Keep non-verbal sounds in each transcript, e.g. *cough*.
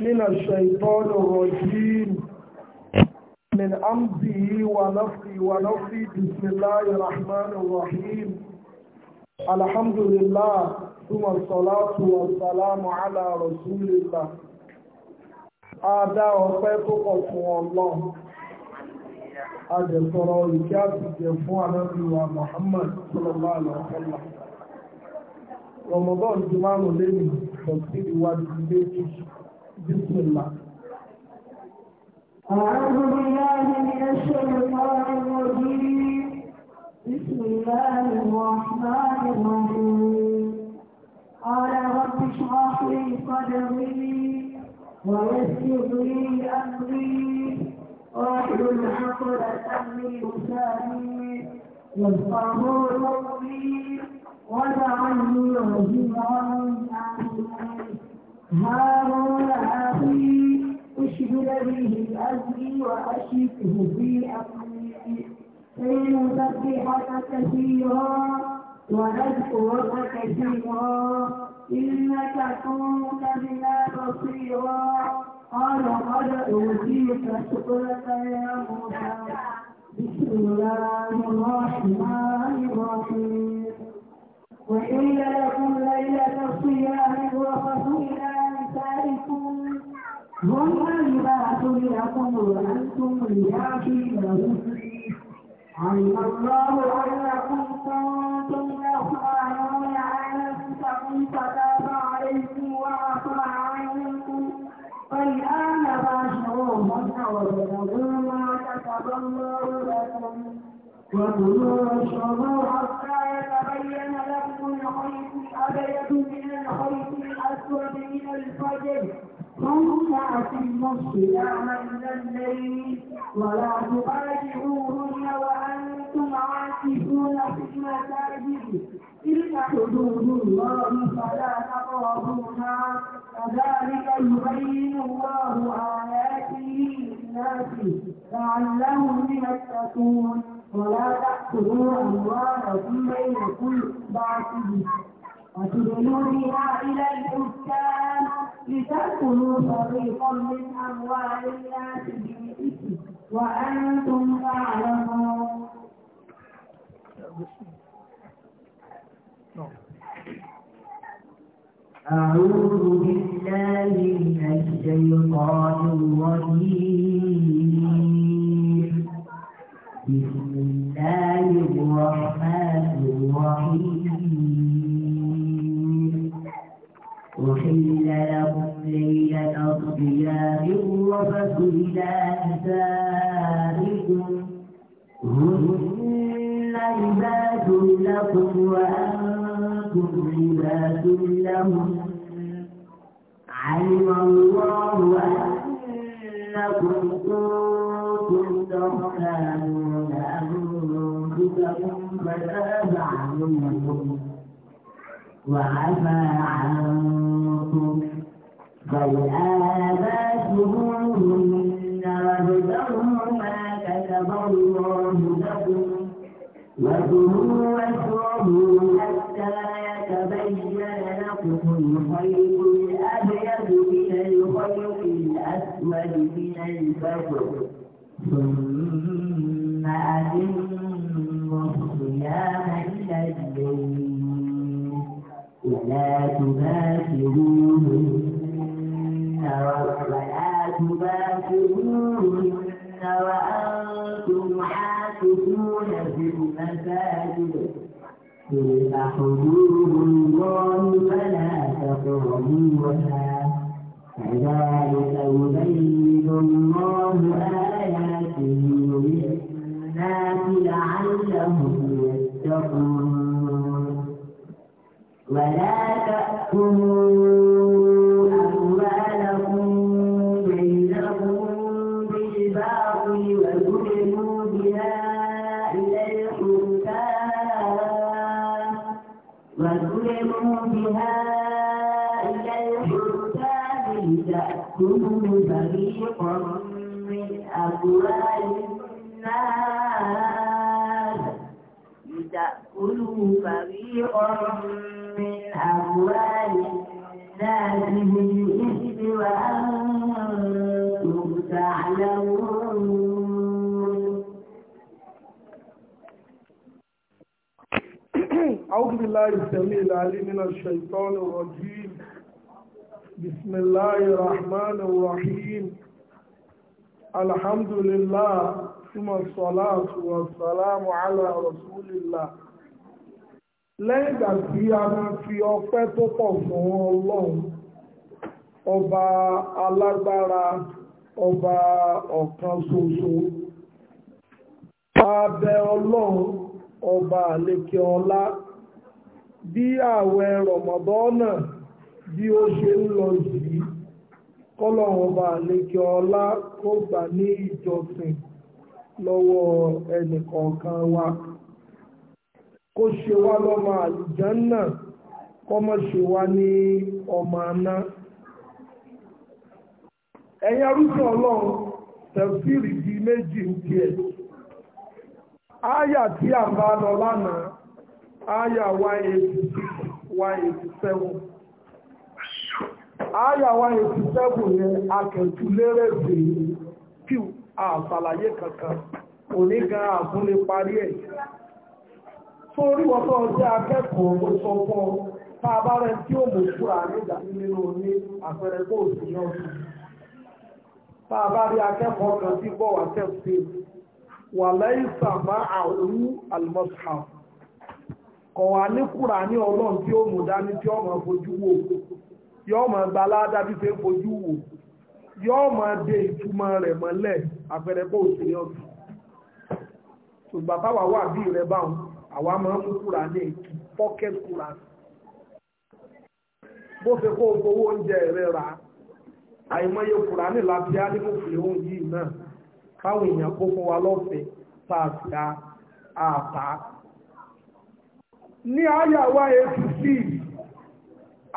من الشيطان الرجيم من أمضه ونفقه ونفقه بسم الله الرحمن الرحيم الحمد لله ثم الصلاة والسلام على رسول الله Adá ọpẹ́ tó pọ̀ fún Ọlọ́run. Adẹ̀sọ̀rọ̀ ìkẹ́ àti ìjẹ fún Anábíwa Muhammad Sallallahu Ramadan ti márùn lẹ́yìn tọ̀sí ìwádìí ilé ìtìsí bísmìlá. أعوذ بالله من الشيطان الرجيم بسم الله الرحمن الرحيم قال رب اشرح لي صدري ويسر لي أمري واحلل عقدة من لساني يفقهوا قولي وجعلني وزيرا من هارون أخي أشهد به أجري وأشركه في أمري كي نسبحك كثيرا ونذكرك كثيرا إنك كنت بنا بصيرا قال قد أوتيت سؤلك يا موسى بسم الله الرحمن الرحيم وحل لكم ليلة الصيام الرفث إلى نسائكم هن لباس لكم وأنتم لباس لهم علم الله أنكم كنتم تخافون أنفسكم فتاب عليكم وعفى عنكم فالآن باشروهن وابتغوا ما كتب الله لكم وكلوا واشربوا من خيط أبيض من الخيط الأسود من الفجر ثم أتموا الصيام من الليل ولا تباشروهن وأنتم عاكفون في المساجد تلك حدود الله فلا تقربوها كذلك يبين الله آياته للناس لعلهم يتقون ولا تأخذوا أموالكم بينكم بعدهم بها إلى الحكام لتأكلوا فريقا من أموال الناس بالإثم وأنتم تعلمون أعوذ بالله من الشيطان الرجيم الله الرحمن الرحيم أحل لكم ليلة الصيام الرفث إلى نسائكم هن لباس لكم وأنتم لباس لهم علم الله أنكم عنكم وعفى عنكم بل آباتهن وابتغوا ما كتب الله لكم وكلوا واشربوا حتى يتبين لكم الخيط الأبيض من الخيط الأسود من الفجر ثم أتموا الصيام الليل ولا تباشرون ولا تباشرون وأنتم حاسبون في المساجد تلك حدود الله فلا تقربوها كذلك يبين الله آياته للناس لعلهم يتقون تتقون ولا تأكلوا أموالكم بينكم بالباطل وتدلوا بها إلى الحكام وتدلوا بها من أموال الناس كلوا فريقا من أموال الناس بالإثم وأنتم تعلمون أعوذ بالله السميع العليم من الشيطان الرجيم بسم الله الرحمن الرحيم الحمد لله ثم الصلاة والسلام على رسول الله lẹ́yìn ìgbà tí a máa fi ọpẹ́ tó pọ̀ fún ọlọ́run ọba alágbára ọba ọ̀kan ṣoṣo abẹ ọlọ́run ọba àlekè ọlá bí ààwẹ̀ rọ̀mọ̀dọ́nà bí ó ṣe ń lọ yìí kọ́lọ́run ọba àlekè ọlá kó gbà ní ìjọsìn lọ́wọ́ ẹnìkọ̀ọ̀kan wa. kó ṣe wá lọ́mọ àlùjànnà kọ́mọ ṣe wá ní ọmọ aná ẹ̀yin arúgbó ọlọ́run tẹ̀síìrì di méjì ń tiẹ̀ áyà tí a bá lọ lánàá áyà 186 187 áyà 187 yẹn akẹ̀tùlérè sí i kí àṣàlàyé kankan òní gan parí ẹ̀ torí wọ́n tó ọjọ́ akẹ́kọ̀ọ́ ó sọ fún ọ tá a bá rẹ tí ó mú fúra nígbà nínú ní àpẹẹrẹ kó o sì náà sùn tá a bá rí akẹ́kọ̀ọ́ kan tí bọ̀ wá tẹ̀sí wà lẹ́yìn sàmá àwú àlùmọ́sà kọ̀ wá ní kúra ní ọlọ́run tí ó mú dání tí ọmọ fojú wò yóò mọ̀ gba aládá bí ṣe ń fojú wò yóò mọ̀ de ìtumọ̀ rẹ̀ mọ́lẹ̀ àpẹẹrẹ kó o sì náà sùn ṣùgbọ́n táwa wà bí rẹ báwọn àwa máa ń mú kúrà ní èkì pocket kúrà bó ṣe kó gbowó oúnjẹ rẹ rà àìmọye kúrà ní láti ánimọ̀fẹ́ òun yìí náà káwọn èèyàn kó fún wa lọ́fẹ̀ẹ́ pàṣẹ àtà ní àyàwá apc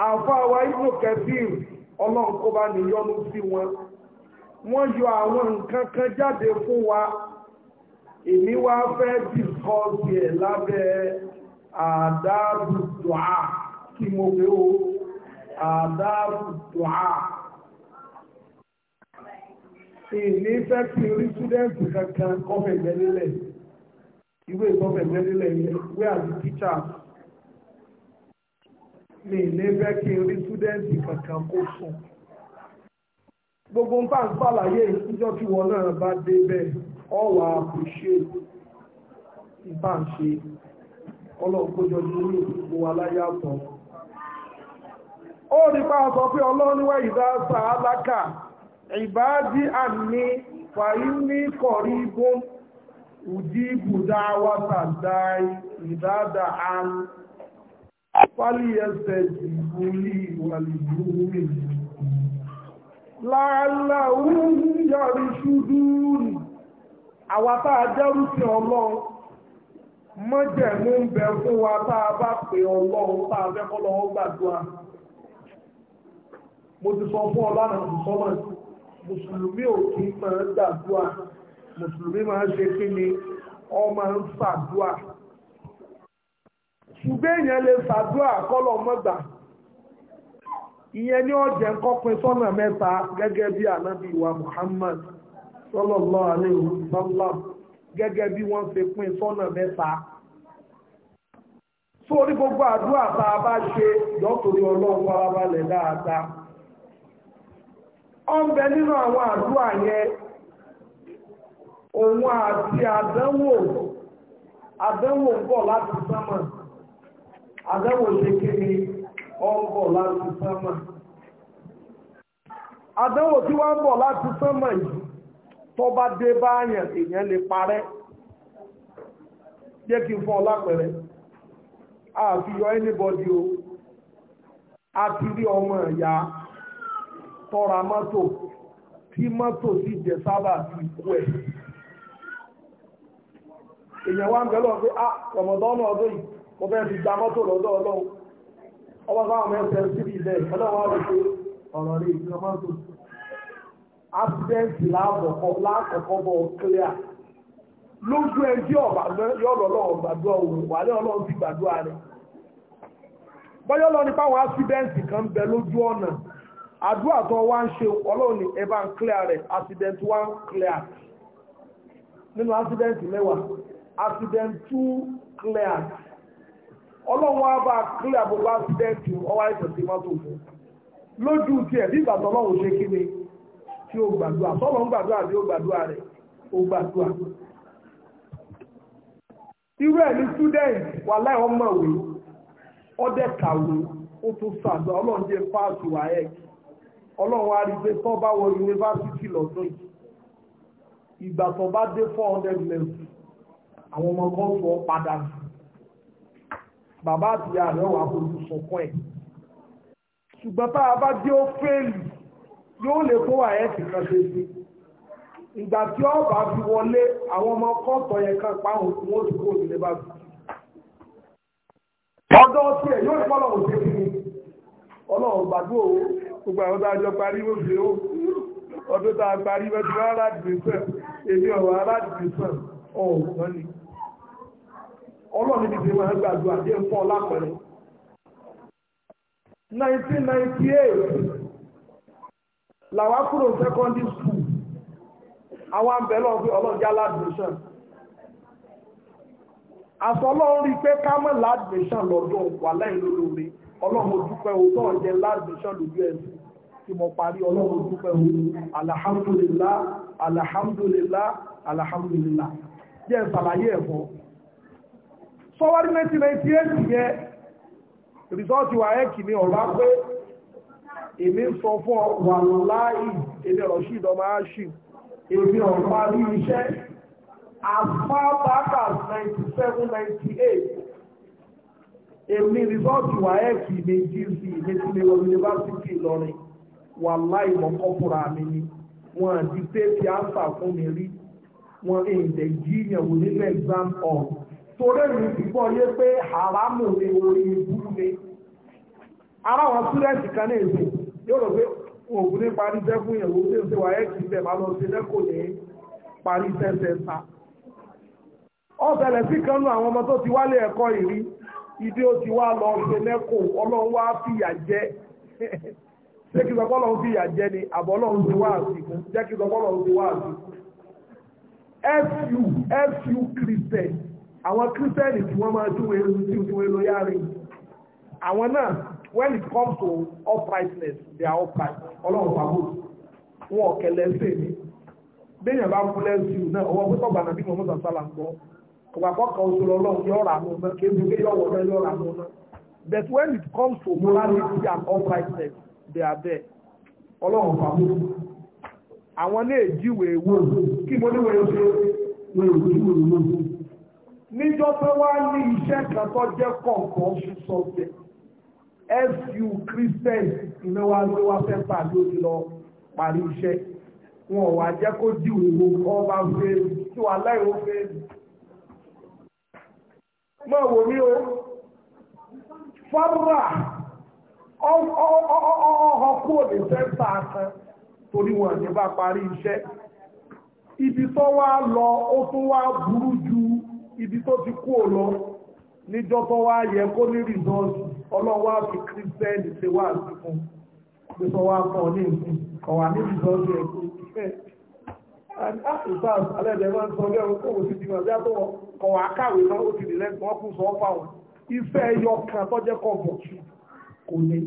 àfáàwá inú kẹfíìn ọlọ́run níyọnu sí wọn wọ́n yọ àwọn nǹkan kan jáde fún wa èmi wá fẹ́ dìbò kọ́ọ̀sì ẹ̀ lábẹ́ àdáàbù dùá kí mo pé ó àdáàbù dùá ìní fẹ́ kí orí túdẹ́ǹtì kankan kọ́fẹ̀gbẹ́ nílẹ̀ ìwé kọ́fẹ̀gbẹ́ nílẹ̀ yẹn wé àti tíṣà mi ní fẹ́ kí orí túdẹ́ǹtì kankan kó sùn gbogbo ń bá ń pàlàyé ìtújọ́ tí wọn náà bá dé ọ̀wà àpòṣe ìbá ń ṣe ọlọ́run kójọ ní orí òkú wa láyé àtọ̀ ó ní pa sọ pé ọlọ́runwẹ́ ìdásá alákà ìbáàdí àní fàyí ní kọ̀rí ibùn ùdí ibùdá wátà dáì ìdádà án pálí ẹsẹ̀ ìgbòlì ìwàlìgbòmí láàláwú yọrí ṣúdúrù sí ọlọ́run mọ́jẹ̀mú ń bẹ fún wa tá a bá pè ọlọ́run tá a fẹ́ kọ́ lọ́wọ́ gbàdúrà mo ti sọ fún ọlọ́nà ìsọ́mọ̀ mùsùlùmí ò kí máa ń gbàdúrà mùsùlùmí máa ń ṣe kí ni ó máa ń fàdúrà ṣùgbọ́n èèyàn lè fàdúrà kọ́lọ̀ mọ́gbà ìyẹn ní ọ̀jẹ̀ kọ́pin sọ́nà mẹ́ta gẹ́gẹ́ bí ànábì wa Muhammad sallallahu alaihi wasallam gẹ́gẹ́ bí wọ́n ṣe pín sọ́nà mẹ́ta sórí gbogbo àdúrà tá a bá ṣe dọ́tòrí ọlọ́run farabalẹ̀ dáadáa ọ̀nbẹ nínú àwọn àdúrà yẹn òun àti àdánwò àdánwò ń bọ̀ láti sánmà àdánwò ṣe kiri ó ń bọ̀ láti sánmà àdánwò tí wọ́n ń bọ̀ láti sánmà yìí tó bá dé báyàn èèyàn lè parẹ́ jẹ́ kí n fún ọ anybody o a ti rí ọmọ ìyá tọ́ra mọ́tò tí mọ́tò sì jẹ sábà ti kú ẹ̀ èèyàn wá ń bẹ̀rẹ̀ lọ́wọ́ pé ah ọmọdọ́nà ọdún yìí mo fẹ́ fi gba mọ́tò lọ́dọ̀ ọlọ́run ilẹ̀ ọlọ́run pé ọ̀rọ̀ rí mọ́tò absent láàkọ̀kọ́ láàkọ̀kọ́ bọ̀ clear lójú ẹjẹ́ ọ̀bà yọ́lọ́lọ́wọ́ gbàdúrà òun wà ní ọlọ́run ti gbàdúrà rẹ̀ bọ́yọ́ lọ nípa àwọn accident kan bẹ lójú ọ̀nà àdúrà tó wá ń ṣe ọlọ́run ní ẹ bá ń clear rẹ̀ accident one clear nínú accident mẹ́wàá accident two clear ọlọ́run wá bá clear gbogbo accident ọwọ́ àìsàn sí mọ́tò fún lójú tiẹ̀ bí ìgbà tó ọlọ́run ṣe kí ni tí ó gbàdúrà sọ́lọ̀ ń gbàdúrà bí ó gbàdúrà rẹ̀ ó gbàdúrà irú ẹ̀ ní student wà láì ọmọwé ọdẹ kàwé ó tún sàdọ̀ ọlọ́run jẹ́ fáàtì wáyẹ̀ ọlọ́run á rí pé tó bá wọ yunifásitì lọ́dún yìí ìgbà tó bá dé four hundred level àwọn ọmọ kan padà sí bàbá àti ìyá rẹ̀ wà fojú ẹ̀ a bá dé ó yóò lè kó wà ẹ́sì kan ṣe sí ìgbà tí ó bá fi wọlé àwọn ọmọ kọ́ọ̀tọ̀ yẹn kan páhùn tí wọ́n ti bá fi ọdọ́ tí ẹ̀ yóò fọ́lọ̀ òṣè fún mi ọlọ́run gbogbo àwọn parí ó fi ó ọdún parí sàn èmi ni ọlọ́run níbi tí wọ́n 1998 làwa kúrò secondary school àwọn àbẹ̀lọ́ pé ọlọ́jà ládùúṣàn àsọlọ́run rí pé ká mọ̀ ládùúṣàn lọ́dún wà lẹ́yìn lólórí ọlọ́run mo dúpẹ́ o tó ọ̀jẹ̀ ládùúṣàn lójú ẹ̀sìn tí mo parí ọlọ́run mo dúpẹ́ o alhamdulillah alhamdulillah alhamdulillah jẹ́ ìsàlàyé ẹ̀fọ́ sọwọ́dí 1998 yẹ rìsọ́ọ̀tì wà ẹ́ kìíní ọ̀rọ̀ pé èmi ń sọ fún ọwà láì èmi ọ̀ṣì ìdọ́mà áṣì èmi ọ̀pá rí iṣẹ́ afábákà 97-98 èmi rìsọ́ọ̀tì wà ẹ́ẹ̀kì méjì sí ìgbésí lè wọ́n yunifásitì Ìlọrin wà láì mọ́kọ́ fúnra mi ni wọ́n àti tẹ́ẹ̀tì áńsà fún mi rí wọ́n èdè jíyànwó nínú exam hall torí mi gbígbọ́ yé pé haramu ni orí ibú ni ara wọn súrẹ́ẹ̀tì kan náà èso yóò rò pé òògùn ní parí iṣẹ́ fún ìyàwó tí ó ṣe wáyé kì í máa lọ sí lẹ́kọ̀ọ́ ní parí iṣẹ́ sẹ́ńtà sí kan àwọn ọmọ tó ti wálé ẹ̀kọ́ ìrí ibi ó ti wá lọ jẹ *laughs* ṣé kí ni àbọ̀ ọlọ́run ti wá jẹ́ kí lọ́run ti wá fu fu christian àwọn christian tí wọ́n máa when it comes to uprightness they are upright ọlọ́run pàbó wọn ọ̀kẹ́lẹ́ ṣe ni béèyàn bá kú lẹ́sìn náà ọwọ́ pípọ̀ gbàgbà bí mọ̀mọ́sà sálà ń gbọ́ ọ̀pàpọ̀ kan oṣù lọ́lọ́run yọ̀ ọ̀rà àwọn ọmọ kéwù pé yọ̀ wọ̀ náà yọ̀ ọ̀rà àwọn but when it comes to morality and uprightness they are there ọlọ́run pàbó àwọn náà jíwèé wò kí mo ní wọ́n ṣe wọ́n ò jíwèé wò níjọ́ pé wá ní iṣẹ́ kan tó jẹ́ kọ̀ọ̀kan ṣùṣọ́ bẹ́ẹ̀ few christians iná wa gbé wá sẹ́ńtà ló ti lọ parí iṣẹ́ wọn ò wá jẹ́ kó di òwò ọba fèrè tí wàá láìwó fèrè. mọ̀ wò mí o fọ́nrà ọ̀họ̀ kúrò ní sẹ́ńtà kan torí wọn ní bá parí iṣẹ́ ibi tó wá lọ ó tún wá burú ju ibi tó ti kú lọ níjọ́ tó wá yẹ kó ní rìsọ́ọ̀tì ọlọ́run wá fi kírísítẹ́nì ṣe wá sí fún pípọ́ wá fún ọ ní ìsìn ọ̀wà níbi ìsọ́jú ẹ̀kọ́ ìfẹ́ àtìsáàs alẹ́dẹ̀ẹ́ máa ń sọ bẹ́ẹ̀ kó o sì di wọn yàtọ̀ ọ̀wà kàwé náà ó ti di lẹ́nu wọn kù sọ fáwọn ìfẹ́ ẹyọ kan tọ́jẹ́ kọ̀ bọ̀ kò ní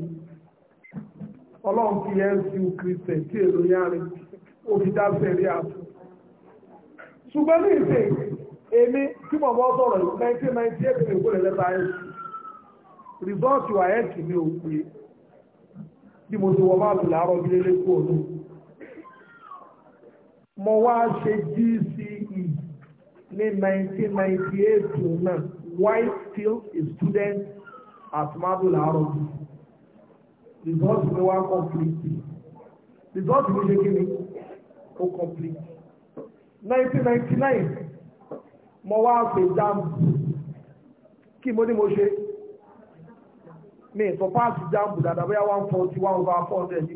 ọlọ́run fi ẹ̀sìn kírísítẹ́nì tí èrò yára ó fi dá sẹ́rí àtún ṣùgbọ́n ní ìsìn èmi tí mo bọ́ sọ̀rọ̀ 1998 ìgbòlẹ̀ lẹ́ta ẹ̀sìn rìsọ́ọ̀tì wà ẹ́ẹ̀kì mi ò pé bí mo ti wọ máa lù láàárọ̀ bí lélé kú òun mo wá ṣe GCE ní 1998 náà while still a student at madu láàárọ̀ bí rìsọ́ọ̀tì mi wá complete rìsọ́ọ̀tì mi ṣe kí ni ó complete 1999 mo wá ṣe jamb kí mo ní mo ṣe. mi for páàsì jáàmù dáadáa bóyá one forty one over four hundred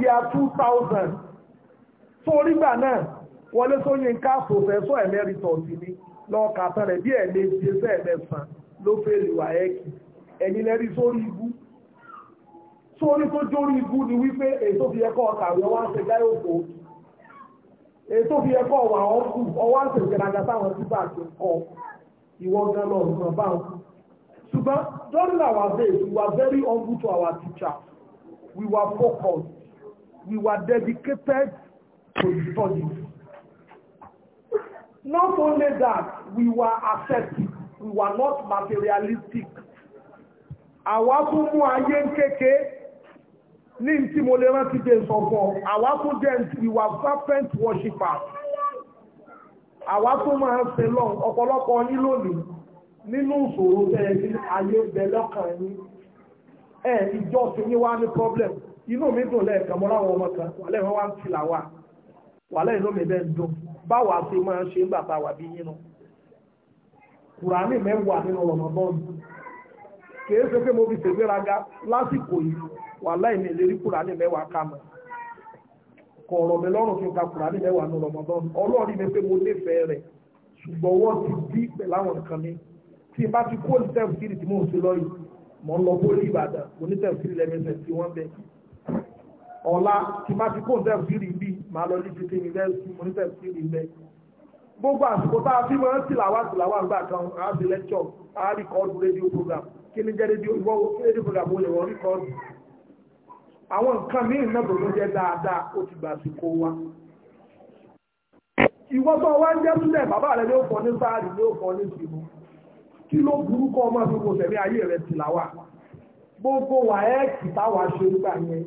di ya two thousand tó orígbà náà wọlé sóyínká pòfẹ́sọ̀ ẹ̀mẹ́rìtọ̀sì ni lọ́ọ̀kà tán rẹ̀ bí ẹ̀mẹ́jẹ sẹ́ẹ̀mẹ́sàn ló fẹ́lẹ̀ wà ẹ́kì ẹ̀yìn lẹ́rí sórí ibú sórí tó jórí ibú ni wípé ètò fi ẹ̀kọ́ ọ̀kàwé ọwá ń ṣe gáyé òkò ètò fi ẹ̀kọ́ ọ̀wà ọ̀kù ìwọ gan lọ ọ̀gbọ̀n bá wọn. ṣùgbọ́n during our days we were very humble to our teachers we were focused we were dedicated to the study. Not only that we were ascetic we were not materialistic. àwa tún mú ayé kékeré ní tí mo lè rántí dé sọ fún ọ àwa tún jẹ́ we were fervent worshippers. awasu tó máa ń lọ ọ̀pọ̀lọpọ̀ yín lónìí nínú ìṣòro bẹ́ẹ̀ ní ayé bẹ lọ́kàn yín ẹ̀ ìjọ sí yín wá problem inú mi dùn lẹ́ẹ̀kan mọ́ láwọn ọmọ kan wàlẹ́ wọn wá ń tilà wà wàlẹ́ inú mi bẹ́ẹ̀ ń dùn báwa ṣe máa ṣe ń bàbá wà bí yín nu kùránì mẹ́wàá nínú ṣe pé mo fi ṣègbéraga lásìkò yìí kọ̀ọ̀rọ̀ mi lọ́rùn kí n ka Kùránì mẹ́wàá ní Ramadan ọlọ́ọ̀rí mi pé mo nífẹ̀ẹ́ rẹ̀ ṣùgbọ́n wọ́n ti bí pẹ̀lú àwọn nǹkan mi tí n bá ti kó ní tẹ̀síìrì tí mò ń ṣe lọ́yìn mò ń lọ bóyá Ìbàdàn mo ní tẹ̀síìrì lẹ́mẹsẹ̀ tí wọ́n bẹ ọ̀la tí n bá ti kó ní tẹ̀síìrì bí màá lọ ní títí mi lẹ́sìn mo ní tẹ̀síìrì bẹ gbogbo àsìkò tá a fi máa ń tìlàwá tìlàwá gbà kan á di lẹ́kṣọ̀ á rí kọ́ọ̀dù rédíò program kí ni jẹ́ rédíò ìwọ́ àwọn nǹkan míì náà tó ló jẹ́ dáadáa ó ti gbà sí kó wá ìwọ́tọ̀ wá ń jẹ́ sílẹ̀ bàbá rẹ̀ ló fọ́ ní sáàrì ló fọ́ ní ìsìnkú kí ló burú kọ́ ọmọ tó kò tẹ̀lé ayé rẹ̀ ti làwà gbogbo wà ẹ́ kì táwa ṣe gbà yẹn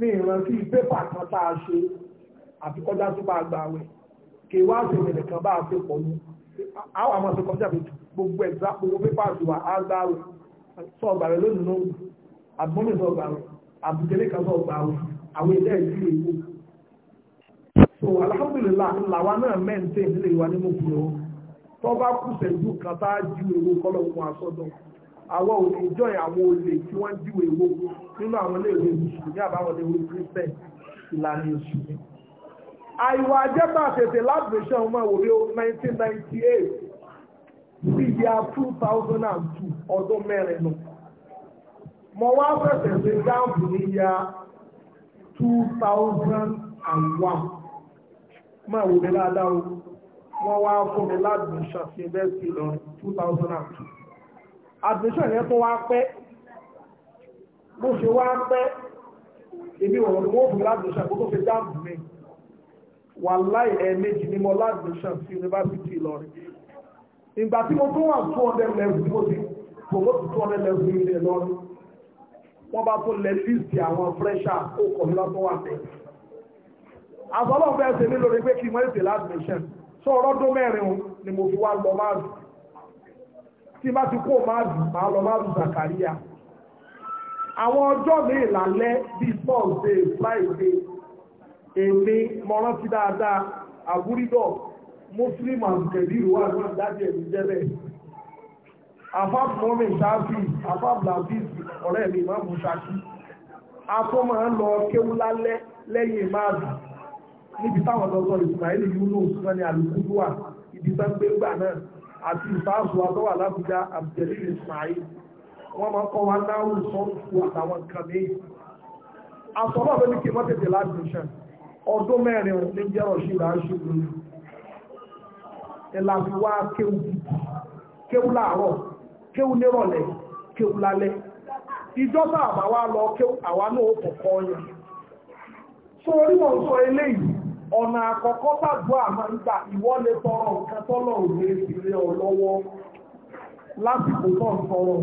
ní ìrántí pépà kan tá a ṣe àti kọjá tó bá gbà wẹ̀ kì í wá sí ìrìnlẹ̀ kan bá a ṣe pọ̀ ní àwọn àmọ́ ṣe kọjá bẹ̀tù gbogbo ẹ̀dá gbogbo pépà tó wà á gbà wẹ̀ sọ̀gbà rẹ̀ lónìí lónìí àgbọ̀nmí àbùkẹ́lẹ́ kan sọ gbà àwọn ilé ìlú èkó so alhamdulilah làwa náà mẹ́ǹtẹ́ ìdílé wa ní mọ̀kú lọ tó bá kú sẹ́jú kan tá a ju èrò kọ́lọ̀ fún asọ́dọ̀ àwọn òní ìjọ àwọn olè tí wọ́n ju èrò nínú àwọn ilé ìwé mùsùlùmí àbáwọn ilé ìwé kírísítẹ̀ ìlànà èṣù ni. àìwà àjẹbà tètè lábùrẹ́sẹ̀ ọmọ ìwòrí o nineteen ninety eight sí ìyá two thousand and two ọdún mẹ́rin nù mo wá fẹ̀sẹ̀ sí gáàmù ní ya 2001 máa wò mí ládáwó wọ́n wá fún mi ládùúṣàn sí ẹgbẹ́sì lọ 2002 admission yẹn tó wá pẹ́ bó ṣe wá pẹ́ èmi ò rọrùn wọ́n fún mi ládùúṣàn kó tó fi gáàmù mi wà láì ẹ̀ẹ́mẹ́jì ni mo ládùúṣàn sí University Ìlọrin ìgbà tí mo tó wà 200 level mo ti promote 200 level ilẹ̀ lọ́rùn wọ́n bá tó lẹ líìsì àwọn fẹ́ṣà ó kọ̀ mí lọ́tún wà bẹ́ẹ̀. àbọ̀lọ́ fẹ́ ṣe mí lórí pé kí wọ́n ṣe ládùmíṣẹ́ sọ ọ̀rọ̀dún mẹ́rin ni mo fi wá lọ máàdù tí bá ti kó máàdù máa lọ máàdù Zakaria àwọn ọjọ́ mi ìlàlẹ́ bíi Thursday Friday èmi mo rántí dáadáa àbúrídọ̀ Muslim àti ìdájẹ́ ìjẹ́bẹ̀ẹ́ afábùmọ́mì sáfì afábùlàfíìs ọ̀rẹ́ mi máa mú ṣákí atọ́mọ̀ ń lọ kéwú lálẹ́ lẹ́yìn máàbì níbi táwọn dọ́tọ̀ Ismail Yunus wọn ni àlùkùdù wà ibi tán gbé gbà náà àti ìfáàsù àtọ́wà lábújá àbùjẹ́lì Ismail wọ́n máa kọ́ wa náà sọ́ọ̀tù àtàwọn nǹkan mìíràn àtọ́mọ̀ bẹ́ẹ̀ ni kí wọ́n tètè láti ṣàn ọdún mẹ́rin ní jẹ́rọ̀ ṣì rà ṣe lórí ẹ̀ làfi wá kéwú kéwú láàárọ̀ kéwú nírọ̀lẹ́ kéwú lálẹ́ lọ kéwú àwa náà ó kọ̀kọ́ yẹn so sọ eléyìí ọ̀nà àkọ́kọ́ àmà ń tọrọ nǹkan tọ́lọ̀ òwe ọ lọ́wọ́ lásìkò tó ń tọrọ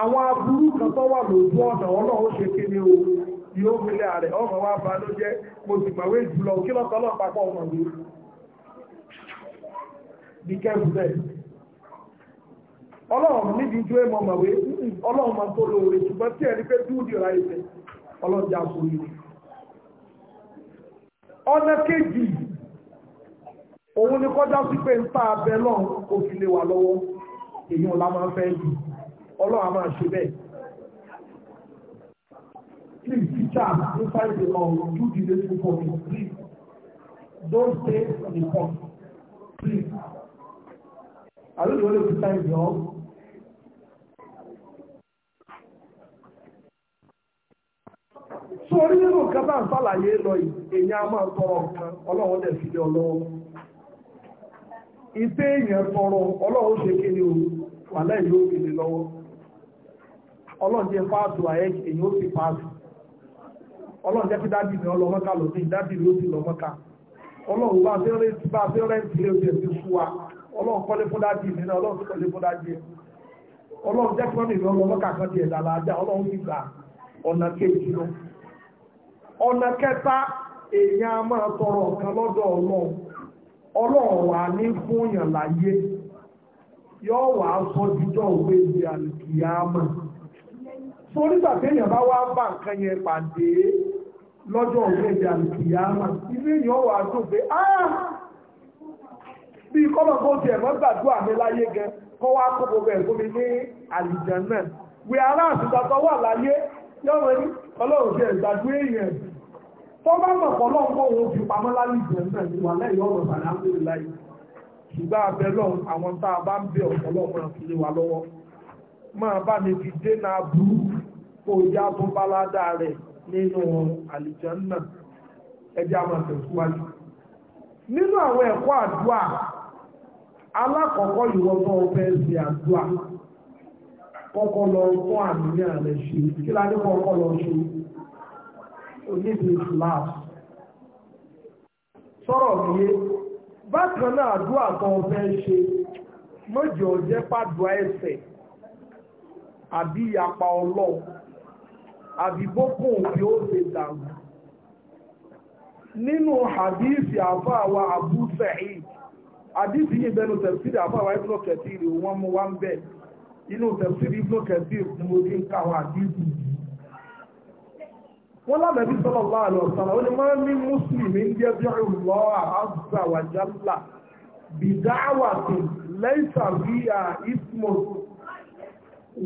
àwọn aburú kan tó wà o yóò fílẹ̀ ààrẹ ọmọ wa bá ló jẹ́ mo sì gbàwé kí lọ́tọ́lọ́ ọlọ́run níbi ijó ẹmọ màwé ọlọ́run máa tó lóore ṣùgbọ́n tí ẹni pé dúdì ra ìfẹ́ ọlọ́jà sórí ọ̀nà kejì òun ni kọjá sí pé ń ta abẹ náà kò fi lè wà lọ́wọ́ èèyàn la máa fẹ́ yìí ọlọ́run a máa ṣe bẹ́ẹ̀ please teacher inside the law do the lesson for me please don't stay on the court please. I don't know if you time is so orí nínú nǹkan bá ń sàlàyé lọ èyí a máa tọrọ nǹkan ọlọ́run dẹ̀ fi lé ìpé èèyàn tọrọ o wà lẹ́yìn lọ́wọ́ ọlọ́run jẹ́ fáàtù èyí ó sì fáàtù ọlọ́run jẹ́ kí dábì ọlọ́mọ́ká dábì sì lọ́mọ́ká ọlọ́run bá fẹ́ fún wa ọlọ́run kọ́lé fún dábì kọ́lé fún dábì ọ̀nà kẹta èèyàn a máa tọrọ nǹkan lọ́dọ̀ ọlọ́run ọlọ́run wà ní fún yàn láyé yóò wà á sọ òwe ìdí so nígbà téèyàn bá wá bá nǹkan yẹn pàdé lọ́jọ́ òwe ìdí ilé yóò wà á pé ah! bí tiẹ̀ mọ́ gbàdúrà mi láyé gan kọ́ wá kó gbogbo mi ní náà wà láyé tó bá mọ̀ pọ̀ lọ́nkọ́ òun fi pamọ́ láyé ìjẹ́ náà ni wà lẹ́yìn ọ̀rọ̀ sàdámùlé wa lọ́wọ́ máa bá mi fi dénà burú kó o já tó bá ládàá rẹ̀ nínú àlìjànnà ẹjẹ́ a máa tẹ̀síwájú. nínú àwọn ẹ̀kọ́ àdúà alákọ̀ọ́kọ́ ìwọ tó o àdúà kọ́kọ́ lọ fún àníyàn rẹ̀ ṣe kí la ní kọ́kọ́ lọ ṣe oníbi islam sọ̀rọ̀ níye bákan náà àdúrà kan fẹ́ ṣe mọ́jọ jẹ́ pàdùá ẹ̀ṣẹ̀ àbí ìyapa ọlọ́ọ̀ àbí bókùn bí ó ṣe dàrú nínú hadithi àfáàwà Abu Sa'id hadithi yìí bẹnu tẹ̀síri àfáàwà Ibn Kathir wọ́n mú wá ń bẹ̀ inú tẹ̀síri Ibn Kathir ni mo ti ń káwọn hadithi yìí wọ́n lábẹ̀bí sallallahu alaihi wasallam ó ní máa ní mùsùlùmí ń jẹ́ bí Allah azza wa jalla bìdáwàtì laysa fiha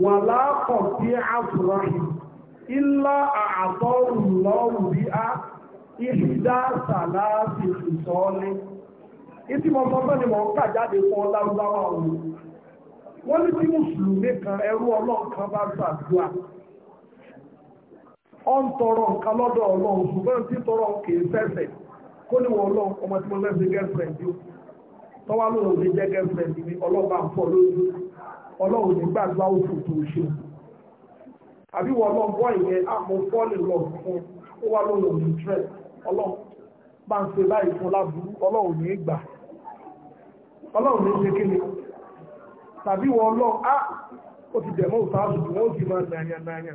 wà láàkọ̀ sí àfúráhì a ìṣìdá i ọ ń tọrọ nka lọ́dọ̀ ọlọ́run ṣùgbọ́n tí tọrọ kì fẹ́fẹ́ kó ní ọlọ́run ọmọ tí mo fẹ́ fi tọ́wá lóun ò ní jẹ́ mi ọlọ́ba ń fọ lójú ọlọ́run ní gbàgbá tó ṣe àbí ọlọ́run bọ́ ìyẹn àmọ́ fọ́ọ̀lì lọ fún ó wá lóun trẹ́ ọlọ́run bá ń ṣe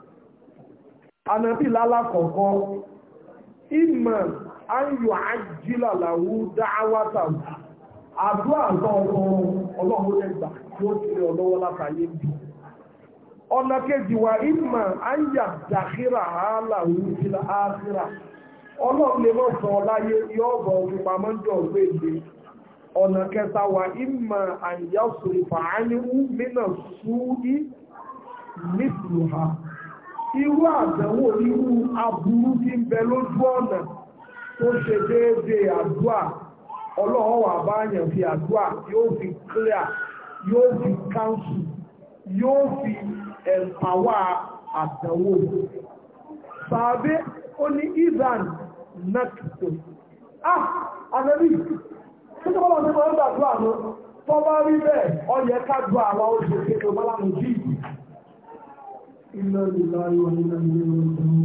ànàbí lálàkọ̀ọ́kọ́ ìmọ̀ ayọ̀ ajílàláwú dáwátà àdúrà àgbà ọlọ́run ọlọ́run lẹ́gbà tí ó kiri ọlọ́wọ́ látàyé bí ọ̀nà kejì wa ìmọ̀ ayà dàkírà aláwú sí àkírà ọlọ́run lè mọ̀ sọ láyé yọ́ọ̀bọ̀ pípamọ́ jọ gbèdé ọ̀nà kẹta wa ìmọ̀ ha irú àdánwò irú aburú tí ń bẹ lójú ọ̀nà tó ṣe déédéé àdúà wà fi àdúà yóò fi clear yóò fi counsel yóò fi ẹ̀mpàwà àdánwò sàbẹ́ ó ní ivan ah anabi tí wọ́n lọ sí ọ̀dọ̀ àdúà náà tọ́ bá rí bẹ́ẹ̀ ó yẹ ká àdúà iná lílá ayọ̀ nínú ilé ọdún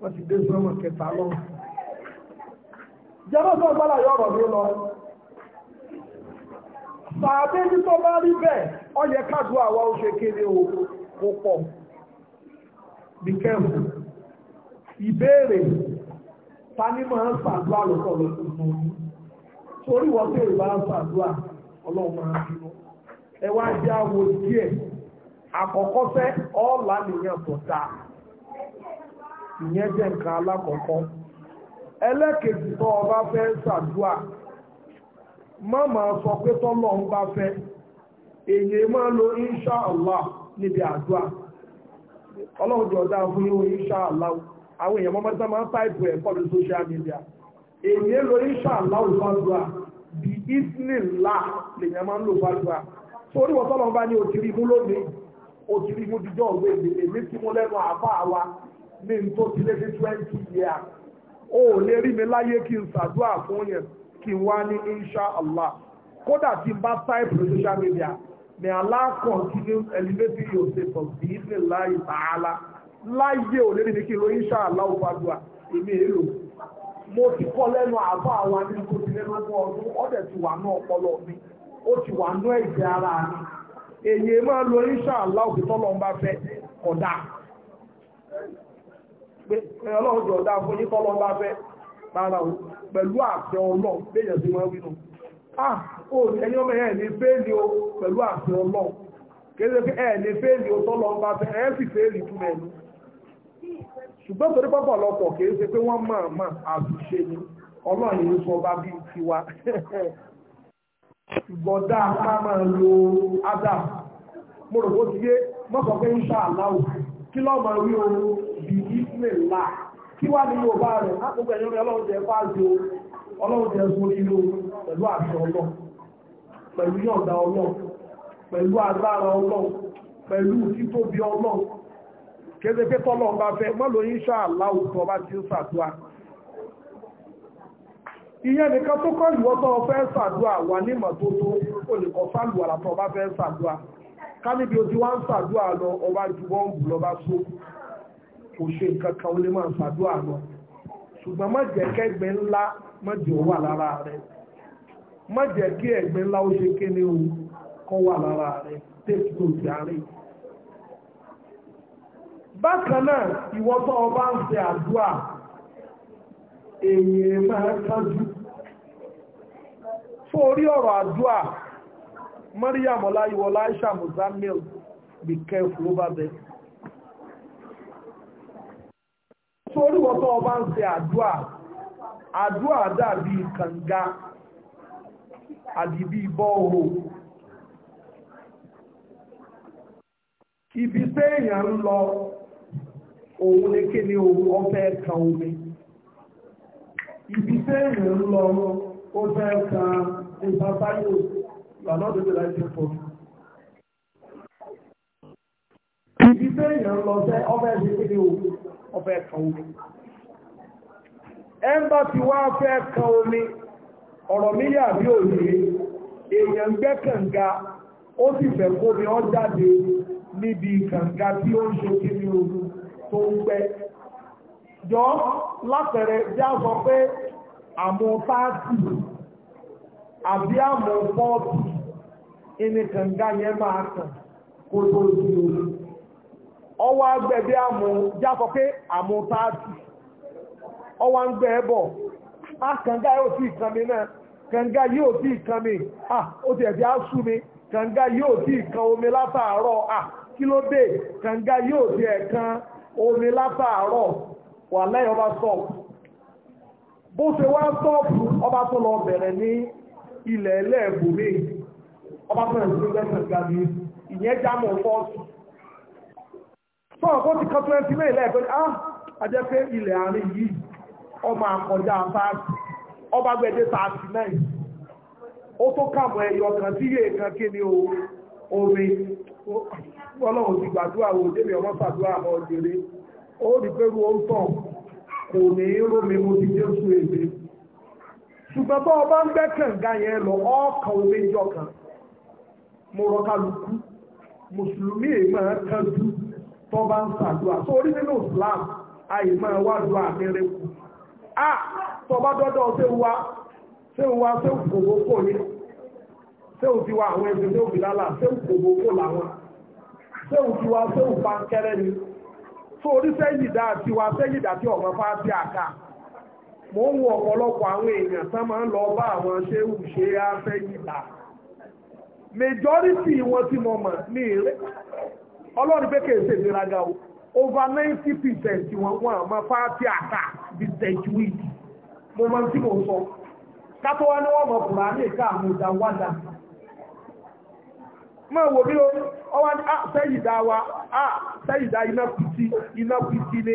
wọ́n ti dé sọ́mọ̀ kẹta lọ. jẹ́rọ́ sọ gbọ́dọ̀ yọ ọ̀rọ̀ mi lọ. sàbẹ́ ní tó bá ìbéèrè ta ni máa ń ṣàdúrà lọ́sọ̀rọ̀ tuntun torí wọ́n ọlọ́run máa ń ẹ wá jẹ́ àwọn díẹ̀ àkọ́kọ́ fẹ́ ọ́ọ̀lá nìyẹn kò ta ìyẹn jẹ́ nǹkan alákọ̀ọ́kọ́ ẹlẹ́kejì tó ọba fẹ́ ṣàdúà sọ pé tọ́lọ̀ ń bá fẹ́ èyí máa lo insha allah níbi àdúà ọlọ́run jọ insha allah àwọn èèyàn máa táìpù social èyí lo insha allah fàdúà bí máa ń lò fàdúà wọ́n tọ́lọ̀ ń bá ní òtìrí mú dijọ́ òwe ìdílé mi tí mo lẹ́nu àbá wa ní n tó ti lé ní twenty years ó lè rí mi láyé kí n ṣàdúrà fún yẹn kí n wá ní insha allah kódà tí n bá type ní social media may allah continue elevating your status bí ní láyé tààlà láyé ò lè rí mi kí n lo insha allah ó fàdúrà èmi èlò mo ti kọ́ lẹ́nu àbá wa ní n tó ti lé lógún ọdún ọ̀dẹ̀ ti wà ní ọpọlọ mi ó ti wà ní ẹ̀jẹ̀ ara mi. èyí máa lo inṣàlá òkè tọ́lọ̀ ń bá fẹ́ kódà ọlọ́run jọ dáa fún yí tọ́lọ́ ń bá fẹ́ rárá o pẹ̀lú àṣẹ ọlọ́run léèyàn sí wọ́n wínú ah o ẹni ọmọ ẹ̀ ní fẹ́ẹ̀lì o pẹ̀lú àṣẹ ọlọ́run kéde pé ẹ̀ ní fẹ́ẹ̀lì o tọ́lọ́ ń bá fẹ́ ẹ̀ sì fẹ́ẹ̀lì tún mẹ́nu ṣùgbọ́n torí pọ́pọ̀lọpọ̀ kìí ṣe pé wọ́n mọ̀ mọ̀ àṣìṣe ni ọlọ́run yìí sọ bá bí tiwa *laughs* ìgbọ̀dá ká máa lo adam mo rò ó ti yé mọ́sọ̀ pé ń ṣá aláwò kí lọ́ máa wí o bí ismail la kí wá ní yorùbá rẹ̀ lákòókò ẹ̀yọ́ rẹ̀ ọlọ́run jẹ́ fáàzì o ọlọ́run jẹ́ sún lílo pẹ̀lú àṣẹ ọlọ́run pẹ̀lú yọ̀ǹda ọlọ́run pẹ̀lú agbára ọlọ́run pẹ̀lú títóbi ọlọ́run kéde pé tọ́lọ́run bá fẹ́ mọ́ lóyún ṣá aláwò tó ọba ti ń ṣàdúrà ìyẹn nìkan tó kọ́ ìwọ́ tó fẹ́ ṣàdúà wà ní ìmọ̀tótó ó lè kọ́ fálù àlàtọ̀ ọba fẹ́ ṣàdúà ká níbi ojú wa ń ṣàdúà lọ ọba ju wọ́n bù lọ́ba só kò ṣe nǹkan kan ó lè máa ṣàdúà lọ ṣùgbọ́n má jẹ́ kẹ́gbẹ́ ńlá má jẹ́ ó wà lára rẹ̀ má jẹ́ kí ẹ̀gbẹ́ ńlá ó ṣe kéne o kọ́ wà lára rẹ̀ tẹ́tù tó ti àárẹ̀ bákan náà ìwọ́ tó ọba ń ṣe àdúà èyí máa kájú fún orí ọ̀rọ̀ àdúà Maryam ọláyíwọlá Aisha Muzammil be careful over there sórí wọ́tọ́ ọba ń ṣe àdúà àdúà dàbí kànga àdìbí bọ́ọ̀hù ibi téèyàn ń lọ òun ní kí ọfẹ́ kan omi ibi téèyàn ń lọ if I buy you, you are not doing the right thing for me. Ibi tẹ́ èèyàn lọ sẹ́ ọbẹ̀ ẹ̀sìn kí ni o, ọbẹ̀ ẹ̀kan omi. Ẹmbà ti wá fẹ́ kan omi, ọ̀rọ̀ mi bí òye, èèyàn gbẹ́ kànga, ó sì fẹ́ kó ọ́ jáde níbi kànga tí ó ń ṣe kí ni o tó ń gbẹ́. Jọ látẹ̀rẹ̀ já sọ pé àmọ́ táàtì abịa àmọ̀ pọ́ọ̀pù ẹni kànga yẹn máa kàn kó tó sí orí ọwọ́ agbẹ̀bí àmọ̀ jákọ̀ pé àmọ̀ táàtì ọwọ́ ń gbẹ̀ ẹbọ̀ á ah, kànga ya sí ìkànmi náà kànga yóò sí ìkànmi à ah, ó mi kànga ya sí ìkan omi látàárọ̀ arọ ah, a ló kànga ya sí ẹ̀kan omi látàárọ̀ wà lẹ́yìn ọba sọ́ọ̀pù bó ṣe ọba tó lọ bẹ̀rẹ̀ ilẹ̀ ẹlẹ́ẹ̀bùnmí ọba fún ẹ̀sùn lẹ́sẹ̀ gàdí ìyẹn jámọ̀ fọ́ọ̀tù fọ́ọ̀ kó ti kọ́tún ẹ̀sìn mẹ́rin lẹ́ẹ̀kọ́ ni ah, ilẹ̀ àárín yìí ọmọ àkọjá fáàtì ọba gbẹ̀dẹ̀ tààtì náà ó tó kàmọ̀ ẹ̀yọ kan tí ni omi ọlọ́run ti gbàdúrà ṣùgbọ́n tó ọba ń gbẹ́ kànga yẹn lọ ọkàn omi ìjọ kan mo rọ kálukú mùsùlùmí èyí máa kájú tó bá ń ṣàdúrà sórí nínú Islam àyè máa wá lu àmìrẹ́ kù á tó bá dọ́dọ̀ séwúwa séwúwa séwù kòwó kò ní séwù tiwa àwọn ẹgbẹ́ séwù bìlálà séwù kòwó kò làwọn séwù tiwa ni sórí sẹ́yìdá tiwa sẹ́yìdá tí ọmọ fáá bí àká. mo ń wo ọ̀pọ̀lọpọ̀ àwọn èèyàn tá máa ń lọ bá àwọn ṣéwù ṣe afẹ́ yìlá majority wọn tí mo mọ̀ ní eré ọlọ́run pé kèé ṣe ìdíraga o over ninety percent wọn wọn àmọ́ fáàtì àtà bí mo tí mo sọ kátó wá ní wọ́n mọ̀ fúra ní ìka àwọn ìdáwádà máa wò bí o ọwọ́ ah, sẹ́yìdá wa ah, sẹ́yìdá iná kùtì iná kùtì ni.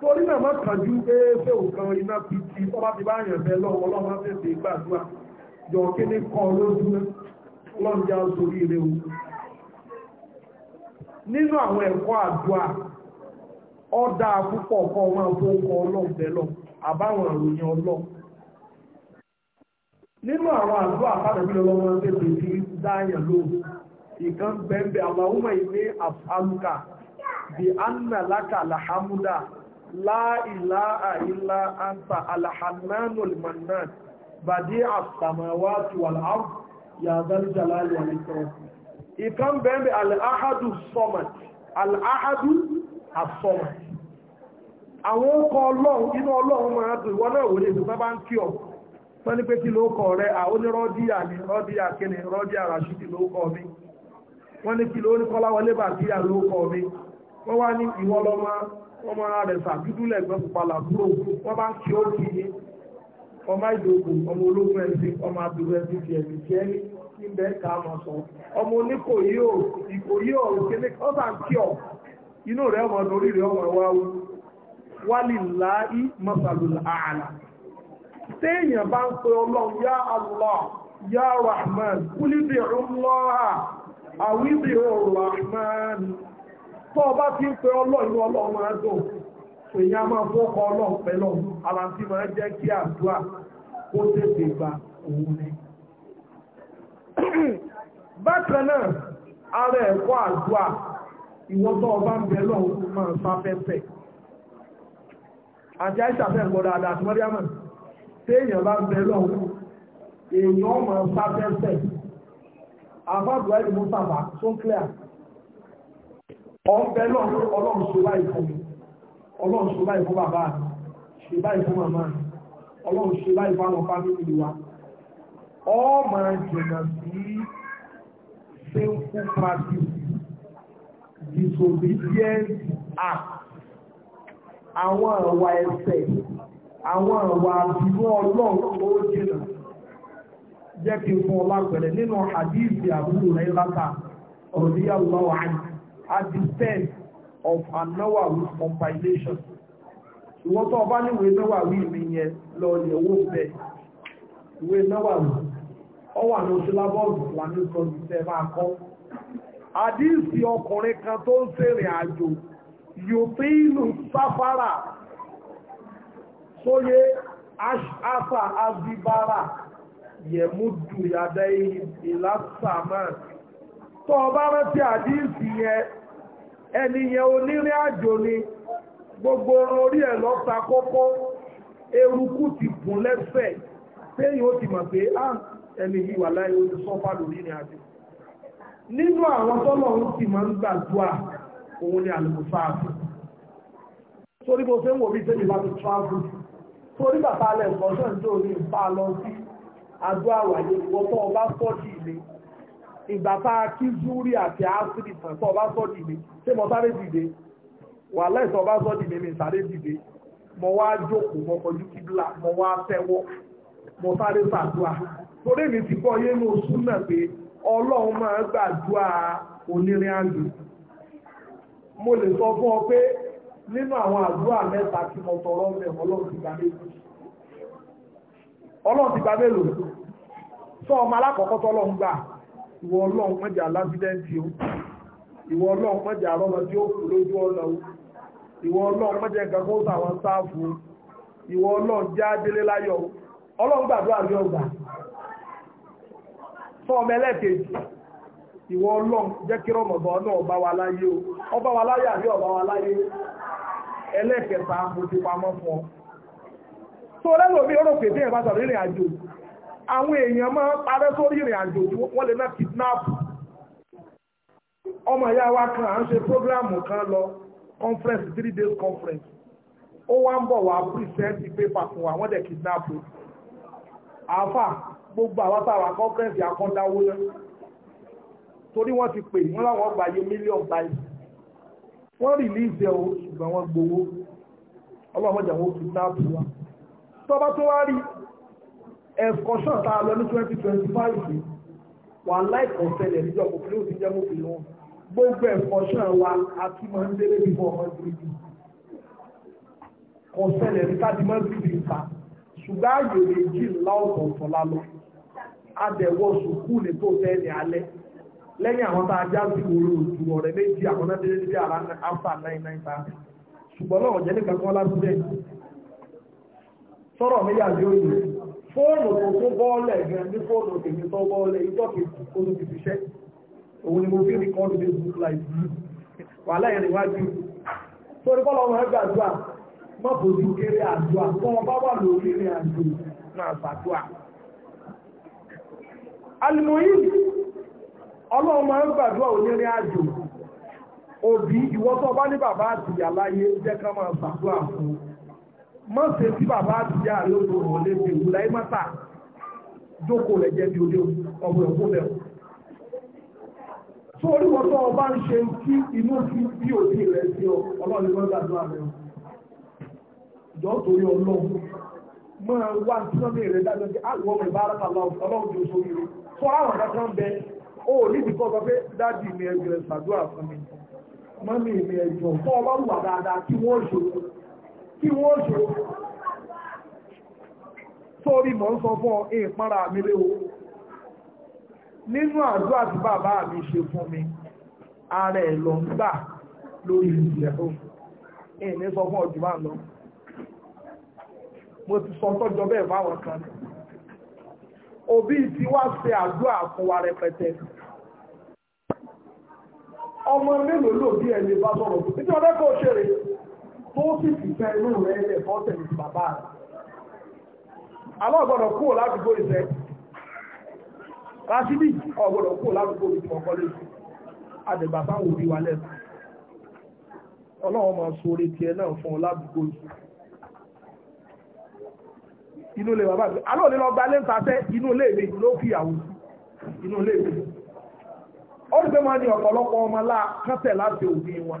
torí náà má kàjú ẹgbẹ́ òkan iná fi ti ọba ti bá yàn bẹ́ lọ́wọ́ ọlọ́run tẹ̀sẹ̀ gbàdúrà jọ kéde kan lójú lọ́njà sórí ire o nínú àwọn ẹ̀kọ́ àdúrà ọ̀dà púpọ̀ kan máa fowókọ ọlọ́run bẹ́ lọ àbáwọn àròyìn ọlọ́run nínú àwọn àdúrà àpàdàbí ọlọ́run tẹ̀sẹ̀ ti dáyàn lóhùn ìkan bẹ́ẹ̀ bẹ́ẹ̀ àwọn ọmọ ìwé àfàlùkà bí anna laka alhamdulilah láìláà ilá àǹtà alhannanu almannan bàdí àtàmàwàtí wàl'áwù ya zalzala wà ní kọ́ ìkan bẹ̀rẹ̀ al'ahadu sọ́mọ̀t al'ahadu asọ́mọ̀t àwọn ọkọ̀ ọlọ́run inú ọlọ́run máa dùn ìwọ náà wòlé ìdùn bá ń kí ọ wọ́n ní pé kí ló kọ̀ rẹ àwọn ní rọ́díà ní rọ́díà kíni rọ́díà rashidi ló kọ̀ wọ́n wá ní ìwọ lọ́mọ wọ́n máa rẹ̀ sàdúdú lẹ́gbẹ́ wọ́n bá kí ó kí ní ọmọ ọmọ ológun ẹ̀sìn ọmọ àdúró ẹ̀sìn ti ẹ̀mí tí ní bẹ́ẹ̀ ká mọ̀ sọ ọmọ oníkò yóò ìkò ọ̀sà ń kí ọ inú rẹ̀ ọmọ lórí rẹ̀ ọmọ wú wálì láì mọ́sàlù tó ọba fi ń pe ọlọ́ọ̀ni ọlọ́ọ̀mọ ẹ̀dùn èèyàn máa fọ́kọ ọlọ́ọ̀ pẹ̀lọ́ aláǹtí máa jẹ́ kí àdúrà ó tètè gba òun ni. bákan náà ara ẹ̀kọ́ àdúrà ìwọ́n tó ọba ń bẹ lọ́wọ́ máa sáfẹ́fẹ́ àti àìsàfẹ́ ìgbọ́dọ̀ àdá àti mọ́ríàmà tí èèyàn bá ń bẹ lọ́wọ́ èèyàn máa sáfẹ́fẹ́ àfáàdùwá ìlú mọ́sàfà tó ń clear ọ̀bẹ ọlọ́run ṣe báyìí fún mi ọlọ́run ṣe báyìí fún bàbá mi ṣe báyìí fún màmá mi ọlọ́run ṣe báyìí fún àwọn fámìlì wa ọ máa jìnnà sí sinful practice disobedient act àwọn àwa ẹ̀ṣẹ̀ àwọn àwa àbínú ọlọ́run tó jẹ́ kí fún ọ lápẹ̀rẹ̀ nínú hadithi àbúrò rẹ̀ látà ọ̀rọ̀ at the pen of an hour with compilation ìwọ́n tó ọba níwèé Nawawi mi yẹn lọ yẹ̀ wò bẹ́ẹ̀ ìwé Nawawi ọ wà ní syllabus Islamic studies ẹ máa kọ́ àdíìsì ọkùnrin kan tó ń ṣèrìn àjò yòtí ìlú sáfárà sóyé aṣáfà azibara yẹ̀múdù yàdá ìlàsàmáà tó ọba rántí àdíìsì yẹn ẹni yẹn onírìn àjò ni gbogbo orí ẹ̀ lọ́ta kókó eruku ti bùn lẹ́sẹ̀ téyìn ó ti mọ̀ pé á ah, ẹni yìí wà láyé ó ti sọ́fà lórí ìrìn àjò nínú àwọn tọ́lọ̀ ń sì máa ń gbàdúrà òun ni àlùfáàfù torí mo fẹ́ ń wò bí sẹ́yìn bá ti travel torí bàbá alẹ́ ìfọ́sẹ̀ ń dòrí ìfà lọ sí adó àwàyé ìwọ́tọ́ ọba pọ́ọ̀tì ilé ìgbàta kí zúrí àti áfírí tàn tó ọba sọ́ dìde ṣé mo sáré dìde wà lẹ́sọ̀ ọba sọ́ dìde mi sáré dìde mo wá jókòó mo kọjú kíbla mo wá tẹ́wọ́ mo sáré sàdúà torí mi ti gbọ́ yé ní oṣù náà pé ọlọ́run máa gbàdúà onírin àjò mo lè sọ fún ọ pé nínú àwọn àdúrà mẹ́ta tí mo tọrọ mẹ́ ọlọ́run ti gbà mélòó ọlọ́run ti gbà mélòó sọ ọmọ alákọ̀ọ́kọ́ tọ́lọ́run gbà ìwọ ọlọ́run mọ́jà lásídẹ́ntì o ìwọ ọlọ́run mọ́jà rọ́mọ tí ó o ìwọ ọlọ́run mọ́jà sáàfù o ìwọ ọlọ́run já délé láyọ̀ o ọlọ́run gbàdúrà ní ọgbà fún ọmọ ẹlẹ́kejì ìwọ ọlọ́run jẹ́ kí rọmọ̀bọ̀ náà bá wa láyé o ọba wa láyé àbí ọba wa láyé ẹlẹ́kẹta mo ti pamọ́ fún ọ àwọn èèyàn máa parẹ́ sórí ìrìn àjò wọ́n lè náà kidnap ọmọ ìyá wa kan à ń ṣe kan lọ conference three days conference ó wá ń bọ̀ wá present paper fún wa wọ́n dẹ̀ kidnap o àáfà gbogbo àwọn táwa conference àkọ́dáwó náà torí wọ́n ti pè wọ́n láwọn million wọ́n release o ṣùgbọ́n wọ́n gbowó ọlọ́mọdé àwọn wa tọ́ba tó wá ẹ̀kọ́ ṣọ̀tà lọ ní twenty twenty five wà láìpọ̀ sẹlẹ̀ níjọ́ kò fílẹ̀ òsì jẹ́mú fi wọn gbogbo ẹ̀kọ́ ṣọ̀tà wa àti máa ń délé bí fún ọmọ gírígì kò sẹlẹ̀ ní káàdì máa ń gírígì ta ṣùgbọ́n ààyè méjì ńlá ọ̀tọ̀ọ̀tọ̀ la lọ adẹ̀wọ̀ sùkúù ní tó tẹ́ ní alẹ́ lẹ́yìn àwọn tá a já sí orí òtù ọ̀rẹ́ méjì àwọn náà délé bí ara after nine nine thirty ṣùgbọ́n náà ọ̀jẹ́ nìkan kan lásìlẹ̀ sọ̀rọ̀ mi fóònù tó tó bọ́ọ̀lẹ̀ gan ní fóònù tèmi tó bọ́ọ̀lẹ̀ ìjọ kejì kó tó ti òun ni mo fi ní kọ́ọ̀dù facebook live yìí wà láyé rìn wájú torí kọ́ ọmọ ẹgbẹ́ àdúrà má kéré àdúrà tó wọn bá wà lórí ní àjò náà ọlọ́wọ́ àjò òbí ìwọ́sọ̀ bá ní bàbá àtìyà láyé jẹ́ ká máa fún un mọ́ ṣe tí bàbá àtijọ́ àrí odò rò lè fi ìwúlá ẹ̀ mọ́ta jókòó rẹ̀ jẹ́ bí olé ọmọ ẹ̀kọ́ bẹ̀rù. tó orí wọn tó ọba ń ṣe kí inú sí bí òbí rẹ̀ sí ọ ọlọ́run ló ń gbàdúrà rẹ̀ ọ. ìjọ torí ọlọ́run máa wá tí wọ́n lè rẹ̀ dájọ́ pé àwọn ah, ọmọ ìbára kà lọ́wọ́ ọlọ́run tó so yìí tó àwọn kankan bẹ ó níbi kọ́ sọ pé dáàdì mi ẹ̀jọ̀ ẹ̀ ṣàdúrà fún mi mọ́mí mi ẹ̀jọ̀ tó ọlọ́run wà dáadáa kí wọ́n ṣòro kí wọ́n ṣe sórí mọ̀ ń sọ fún ìpára mi léwo nínú àdúrà tí bàbá mi ṣe fún mi ara ẹ̀ lọ ń gbà lórí ìjẹ̀ ó ẹ̀ẹ́ni sọ fún ọjọ́ máa lọ mo ti sọ tọ́jọ́ bẹ́ẹ̀ fáwọn kan òbí ti wá ṣe àdúrà fún wa rẹpẹtẹ ọmọ mélòó lòbí ẹ̀ bá sọ̀rọ̀ nítorí ọ̀dẹ́kọ̀ọ́ ṣeré tó sì sì fẹ́ inú rẹ̀ ilẹ̀ fọ́tẹ̀ ní bàbá rẹ̀ aláàgbọ́dọ̀ kúrò ládùúgbò ìfẹ́ rásíbì ọ̀gbọ́dọ̀ kúrò ládùúgbò ìfẹ́ ọkọlẹ̀ àdìgbà táwọn òbí wa lẹ́nu ọlọ́run máa so orí tiẹ̀ náà fún ọ ládùúgbò ìfẹ́ inú ilé bàbá mi alóò ní lọ gba ilé ńtasẹ́ inú ilé mi ló fi ìyàwó inú ilé mi ó rí pé wọ́n ní ọ̀pọ̀lọpọ̀ ọmọ láà kán tẹ̀ láti òbí wọn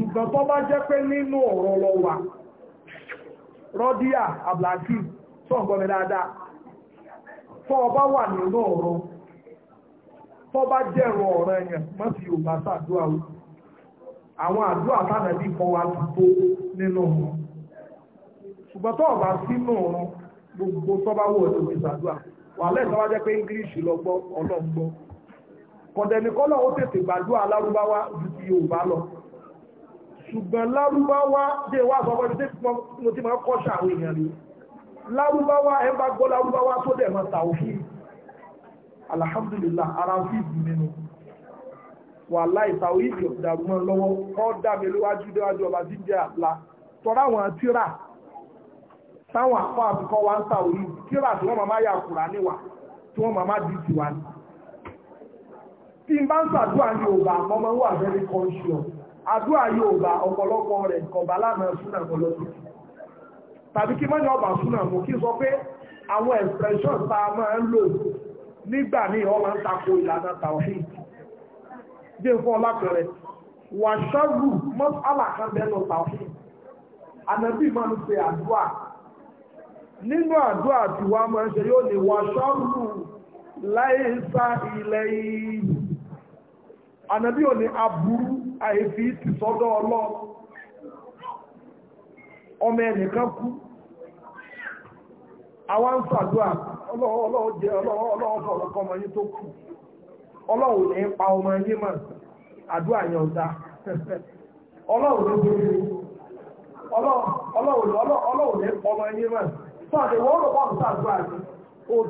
ṣùgbọ́n tó bá jẹ́ pé nínú ọ̀rọ̀ lọ wà rọ́díà àbláàkì tó ń gbọ́mẹ dáadáa tó ọba wà nínú ọ̀rọ̀ tó bá jẹ́rọ ọ̀rọ̀ ẹ̀yàn mọ́ sí yorùbá sàdúrà o àwọn àdúrà tánàbí kan wà tó nínú ọ̀rọ̀ ṣùgbọ́n tó ọba sínú ọ̀rọ̀ gbogbo tó bá wọ̀ lórí sàdúrà wà lẹ́sọ̀ wá jẹ́ pé ṣùgbọ́n lárúbáwá dé wá sọ pé mo ti máa kọ́ ṣàwọn èèyàn rí lárúbáwá ẹ bá gbọ́ lárúbáwá tó dẹ̀ máa tàwọn fún alhamdulillah ara ń fi ìdí nínú wà láì tàwọn ìdí ọ̀dàrú mọ́ lọ́wọ́ kọ́ dá mi lówájú déwájú ọba tí ń jẹ́ àpla tọ́ra àwọn tíra táwọn àpá àbíkọ́ wa ń tàwọn ìdí tíra tí wọ́n máa máa yà kùrà níwà tí wọ́n máa máa dì tiwa ni tí n bá ń sàdúrà ní òbá àmọ́ wà very conscious àdúrà yóò bá ọ̀pọ̀lọpọ̀ rẹ̀ kọ̀bá lánàá súnà ọ̀pọ̀lọpọ̀ tàbí kí mọ́ni ọba súnà mú kí sọ pé àwọn expression tá a máa ń lò nígbà míì wọ́n máa ń tako ìlànà tàwíì dé fún ọlápẹ̀rẹ̀ wà ṣọ́rù mọ́sálà kan bẹ́ẹ̀ lọ tàwíì ànábì máa ń ṣe àdúrà nínú àdúrà láìsá ilẹ̀ yìí ànàbí ò ní aburú àìfi ti ọlọ́ ọmọ ẹnìkan kú àwọn ń sàdúà ọlọ́wọ́ jẹ́ ọlọ́wọ́ tó kú ọlọ́wọ́ ní pa ọmọ yín mọ̀ àdúà yẹn ọ̀dá ọlọ́wọ́ ní gbogbo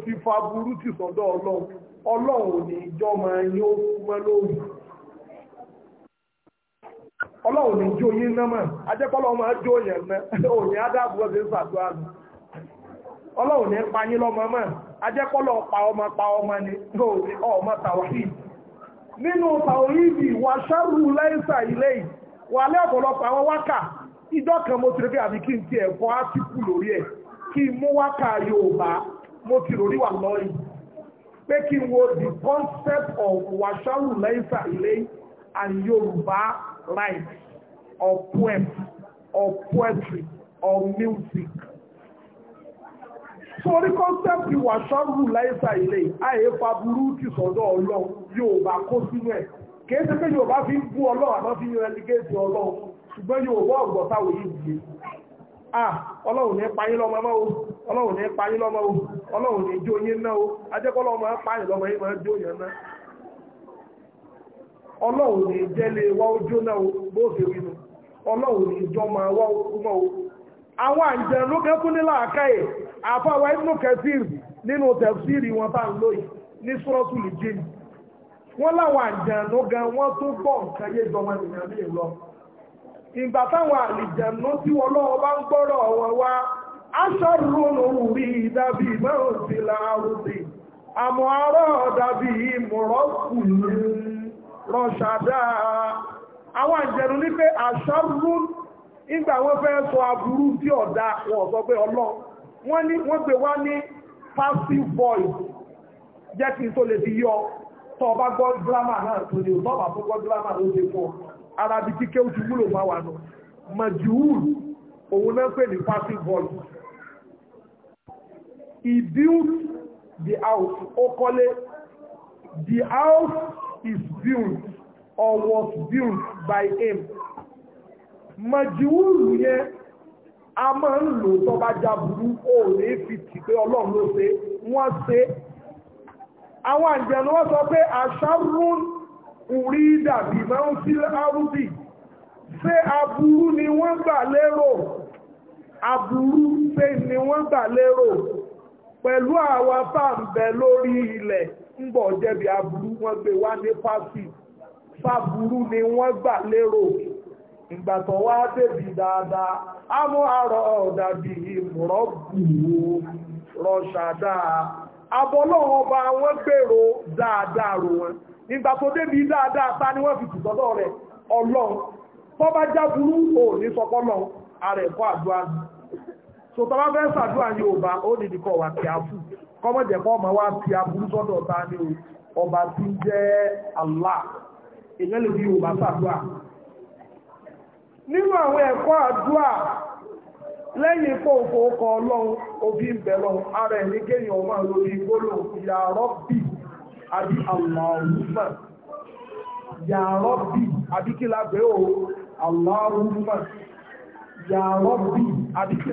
e. ọmọ yín mọ̀ ní ọlọ́run ní jó yín náà mọ̀ ajẹ́kọ́lọ́ ọmọ jó yẹn ná *laughs* òní adáàbò ọ̀sẹ̀ ń sàdúrà nù ọlọ́run ní pa yín lọ́mọ pa ọmọ pa ọmọ ni *laughs* ọmọ tàwáhì nínú tàwáhìbì wà sẹ́rù lẹ́sà ilé yìí wà lẹ́ọ̀pọ̀lọpọ̀ àwọn wákà ìjọ kan mo ti rí àbí kí n ti ẹ̀kọ́ átíkù lórí ẹ̀ kí n mú wákà Yorùbá mo ti wà lọ́yìn pé kí n wo the concept of lẹ́sà ilé yìí and Yoruba rhymes or poem or poetry or music. Sori concept ìwà ṣọ́rù láìsà ilé àyè faburú ti sọ̀dọ̀ ọlọ́run Yorùbá kó sínú ẹ̀. Kìí ṣe pé Yorùbá fi ń bú ọlọ́run àmọ́ fi ń rẹ́lígéètì ọlọ́run ṣùgbọ́n Yorùbá yìí À ọlọ́run ní payín lọ́mọ mọ́ o, ọlọ́run ní lọ́mọ o, ọlọ́run ní jó yín o, lọ́mọ yín máa ọlọ́run ní jẹ́lé ojú náà bóòfè wínú ọlọ́run ní jọ máa wá o àwọn àjẹ́ ló kẹ́kún àfáwà inú nínú tẹ̀síìrì wọn bá ń lóyìn ní sọ́rọ́tù lè jẹ́ wọ́n láwọn àjẹ́ ló gan yé ìgbà bá ń gbọ́rọ̀ rọ̀ṣàdá àwọn àjẹ̀rù ní pé àṣàrú ìgbà wọ́n fẹ́ sọ aburú tí ọ̀dá wọn sọ pé ọlọ́run wọ́n ní wọ́n gbé wá ní passive voice jẹ́ kí n tó lè fi yọ tọ́ ọba gbọ́ gírámà náà tó lè tọ́ ọba tó gbọ́ gírámà ló ṣe fún ọ ara bí tí kéwù ti wúlò bá wà nù majúùl òun náà pè ní passive voice he built the house ó kọ́lé the house is built or was built by him mọ̀jìwúrù yẹn a máa ń lò tó bá já burú ó lè fi tì pé ọlọ́run ló ṣe wọ́n ṣe àwọn àjẹ̀nú wọ́n sọ pé àṣàrún orí dàbí máa ń sí arúbì ṣé aburú ni wọ́n gbà lérò aburú ṣe ni wọ́n gbà lérò pẹ̀lú àwa tá lórí ilẹ̀ ń bọ̀ aburú wọ́n gbé wá ní fásitì fáburú ni wọ́n gbà lérò ìgbà tó wá débi dáadáa á mú àrọ̀ dàbí ìmùrọ̀bù rọ̀ṣàdá abọ́lọ́wọ́ bá wọ́n gbèrò dáadáa rò wọn ìgbà tó débi dáadáa ta ni wọ́n fi rẹ̀ ọlọ́run tó bá jáburú ò ní kọ́mọ̀jẹ̀ kọ́ ọmọ wa fi aburú sọ́dọ̀ ta ni o ọba tí ń jẹ́ Allah èèyàn lè fi yorùbá sàdúà nínú àwọn ẹ̀kọ́ àdúà lẹ́yìn fòfò ọkọ̀ ọlọ́run òbí ń ara ẹ̀ ní kéèyàn ọmọ lórí gbólò ya Rabbi àbí àbí kí o Allahumma àbí kí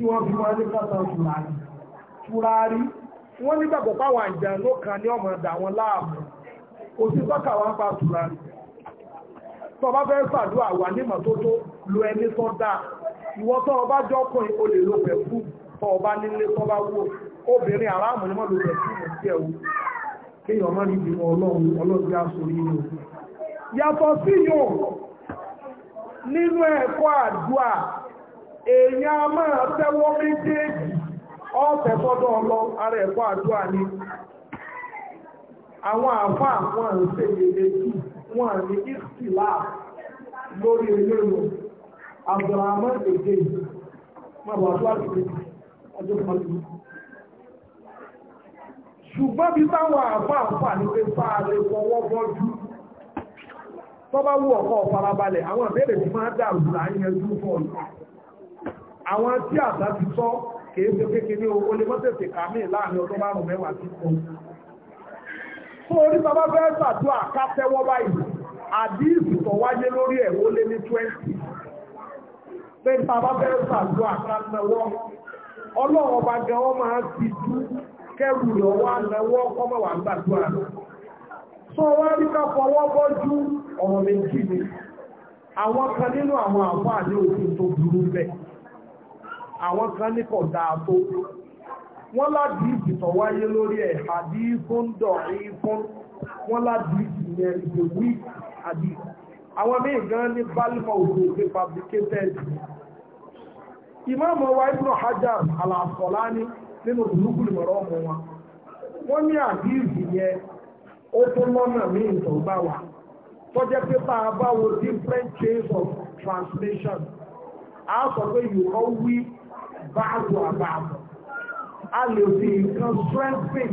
tí wọ́n fi wọ́n ní kọ́sọ̀ tùràrí tùràrí wọ́n nígbàgbọ́ páwọn àjànú kan ní ọmọ ẹ̀dà wọn láàmú kò sí sọ́kà wọn pa tùràrí tó bá fẹ́ ṣàdúrà wà ní mọ́tótó lo ẹni tó dáa ìwọ tó o bá jọkùnrin o lè lo pẹ̀fú tó o nílé tó bá wò obìnrin aráàmù ni wọ́n lo pẹ̀fú mọ̀ sí ẹ̀wù kéèyàn má ní ìdìmọ̀ ọlọ́run ọlọ́run yá sórí yàtọ̀ sí yóò nínú ẹ̀kọ́ àdúrà èèyàn a máa tẹ́wọ́ méjèèjì ọ̀fẹ́ fọ́dọ̀ ọlọ ara ẹ̀kọ́ àdúrà ni àwọn àfá àwọn àǹsẹ̀ èdè jù wọn ní ìsìlá lórí eléèrò Abdulrahman èdè mọ̀bọ̀ àdúrà ti ọjọ́ pọ̀lú ṣùgbọ́n bí táwọn àfá àfá ní pé fáàrẹ fọwọ́ ọkọ̀ àwọn tí máa láyé ẹjú fọ́ọ̀lù àwọn tí àṣà ti sọ kìí ṣe kékeré owó lè mọ́tẹ̀sẹ̀ kàmí láàrin ọdún márùn-ún mẹ́wàá ti kún fún orí bàbá fẹ́ ṣàdúrà ká tẹ́wọ́ báyìí àdíìsì tó wáyé lórí ẹ̀ ó lé ní twenty pé bàbá fẹ́ ṣàdúrà ká náwọ́ ọlọ́run ọba gan wọn máa ti dú kẹrù rẹ̀ wá náwọ́ kọ́mọ̀wá gbàdúrà sọ wá rí ká fọwọ́ bọ́jú ọ̀rọ̀ méjì ni àwọn kan nínú àwọn àǹfààní òfin tó burú bẹ́ẹ̀ àwọn kan ní kọ̀ dáa tó wọ́n láti ìtìtọ̀ wáyé lórí ẹ̀ àbí fún dọ̀rí fún wọ́n láti ìtìyẹn ìgbè wí àbí àwọn míì gan ní bálímọ̀ òdò pé fabricated ìmáàmù wa Ibn Hajar al-Asqalani nínú ìlúkùlù mọ̀rọ̀ ọmọ wọn wọ́n ní àbí ìtìyẹn ó tún lọ́nà míì tó bá wà tọ́jẹ́ pé different chains of translation a sọ pé yòókọ́ wí báàbò àbáàbò a lè fi nǹkan strengthen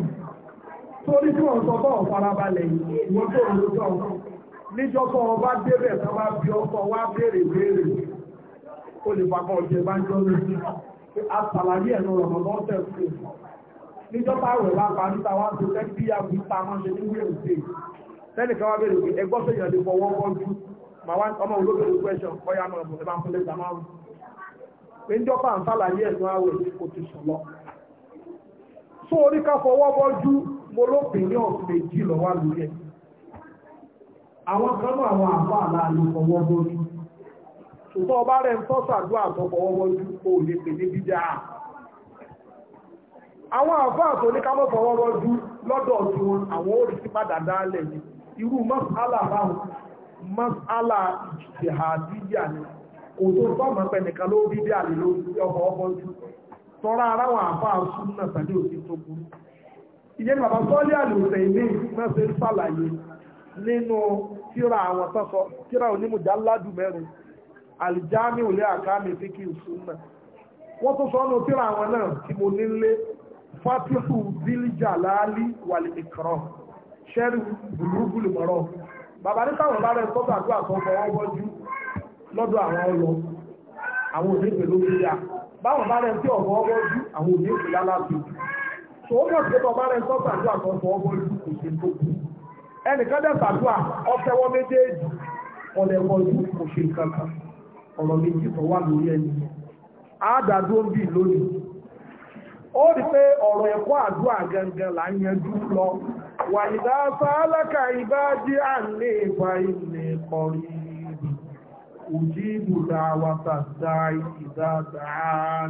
torí tí wọ́n sọ bọ́ ọ̀farabalẹ̀ yìí wọ́n tó ń lójọ́ níjọ́pọ̀ ọba débẹ̀ tó bá bí ọkọ̀ wá béèrè béèrè ó lè papọ̀ ọ̀jẹ̀ bá ń jọ lójú àtàlàyé ẹ̀nu ọ̀rọ̀ lọ́sẹ̀ fún níjọ́pọ̀ àwẹ̀ bá pa níta wá sí fẹ́ bí àbí ta máa ṣe níwé òde tẹ́nìkan wá béèrè pé ẹgbọ́ sèyàn lè fọwọ́ kọjú màá wá ọmọ olóbèrè question ọyá mọ̀ ọ̀bùn ẹ̀ bá ń fún pé ń jọ́pá ń sàlàyé ẹ̀dùn ti lọ. sọ orí ká fọwọ́ bọ́jú mo lópinion méjì lọ́wọ́ lórí ẹ̀. àwọn kan náà àwọn àbá àlàyé fọwọ́ bọ́jú. ṣùgbọ́n ọba rẹ̀ ń tọ́sàdúrà tó fọwọ́ bọ́jú kó o lè pè ní àwọn àbá fọwọ́ bọ́jú lọ́dọ̀ tí wọn òtò tọ́mọ̀ pẹ̀ nìkan ló bí bí àlè ló fi ọmọ ọmọ jù tọ́ra aráwọ̀ àbá àṣún náà tàbí òsì tó burú ìyẹ́ bàbá sọ́lé àlòsẹ̀ ilé náà ṣe ń ṣàlàyé nínú tíra àwọn tọ́sọ tíra onímùdá ládù mẹ́rin àlìjáàmì òlé àkáàmì fíkì ìṣún náà wọ́n tó sọ ọ́nà tíra àwọn náà tí lọ́dọ̀ àwọn ọlọ àwọn òdèpè ló fi dá báwọn bá rẹ̀ tí ọ̀bọ̀ ọgbọ́ jù àwọn òdèpè lálàbí tó ó kọ̀ sí pé bàbá rẹ̀ sọ́tà àdúrà tó fọ ọgbọ́ jù kò ṣe tó kù ẹnìkan dẹ̀ sàdúrà ọtẹwọ́ méjèèjì ọlẹ́kọ̀ jù kò ṣe kankan ọ̀rọ̀ méjì tó wà lórí ẹni àádàdúró bì lónìí ó rí pé ọ̀rọ̀ ẹ̀kọ́ àdúrà gangan là ń yanjú lọ wà ìdá sáálákà ìbá jí à ń lè fa ilẹ̀ kọrin òjìbù dáwàtà dáì ìdádáán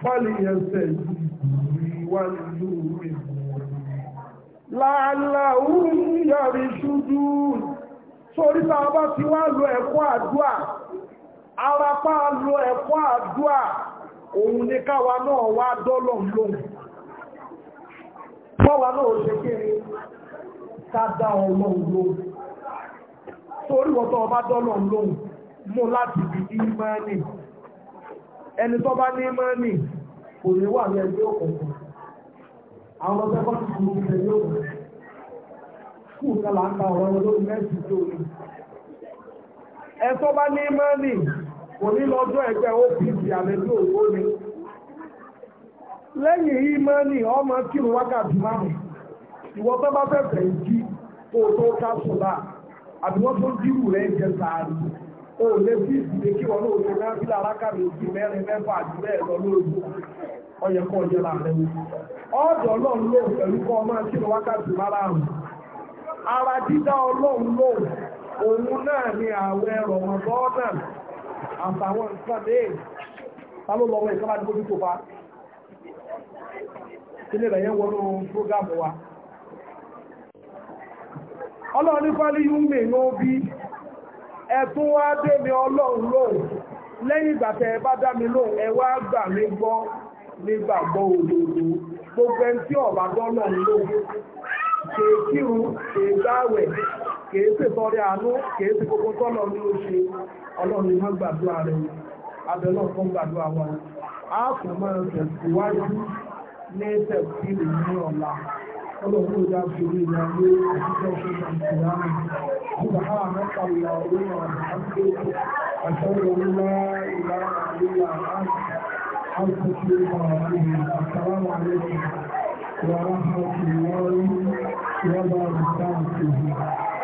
fàlìyẹsẹ̀ ìgbìyànjú wà nínú ìgbìyànjú láàláhùn yàrí ṣúdú sórí tàbá tí wá lo ẹ̀kọ́ àdúà arapá lo ẹ̀kọ́ adua, òun ní káwa náà wá dọ́lọ̀ lóhun bọ́wa náà ṣe kéré ká dá ọlọ́run lóhun sórí wọ́tọ̀ ọba dọ́lọ̀ lóhun mú láti ibi ìmọ́ni ẹni tó bá ní ìmọ́ni kò ní wà ní ẹgbẹ́ òkùnkùn àwọn ọ̀sẹ̀ ti kúrò ní ẹgbẹ́ òkùnkùn kúù ń ta ọ̀rọ̀ wọn mẹ́sì tó ẹgbẹ́ OPC àlejò òwò tó bá o lè ìdílé kí wọn lóòótọ́ náà bí òbí mẹ́rin mẹ́fà àti bẹ́ẹ̀ lọ lóòótọ́ ọyẹ kọ́ ọjọ́ láàrẹ ọ̀dọ̀ ọlọ́run lò pẹ̀lú kọ́ ọmọ tí lọ mára rùn ara dídá ọlọ́run lò òun náà ni ààwẹ̀ rọ̀mọ̀bọ́ọ̀nà àtàwọn ta ló ìkọ́lá ní tó bá rẹ̀ yẹn wọnú wa ọlọ́run ní ẹ̀tún wá dé mi ọlọ́run lóhùn lẹ́yìn ìgbà tẹ́ ẹ bá dá mi lóhùn ẹ wá gbà mí gbọ́ nígbàgbọ́ òdodo gbogbo ẹni tí ọ̀bá dọ́nà ń lò kèé kírun kèé gbáwẹ̀ kèé ṣètọrẹ àánú kèé ṣe gbogbo tọ́nà ní ó ṣe ọlọ́run ni gbàdúrà rẹ̀ abẹ́lọ́ fún gbàdúrà wa a kò máa tẹ̀síwájú ní tẹ̀síwájú ní ọ̀la ọlọ́run tó dá fèrè ìyàwó àtijọ́ fún ìyàwó سبحانك اللهم وبحمدك أشهد أن لا إله إلا أنت أستغفرك وأتوب السلام عليكم ورحمة الله وبركاته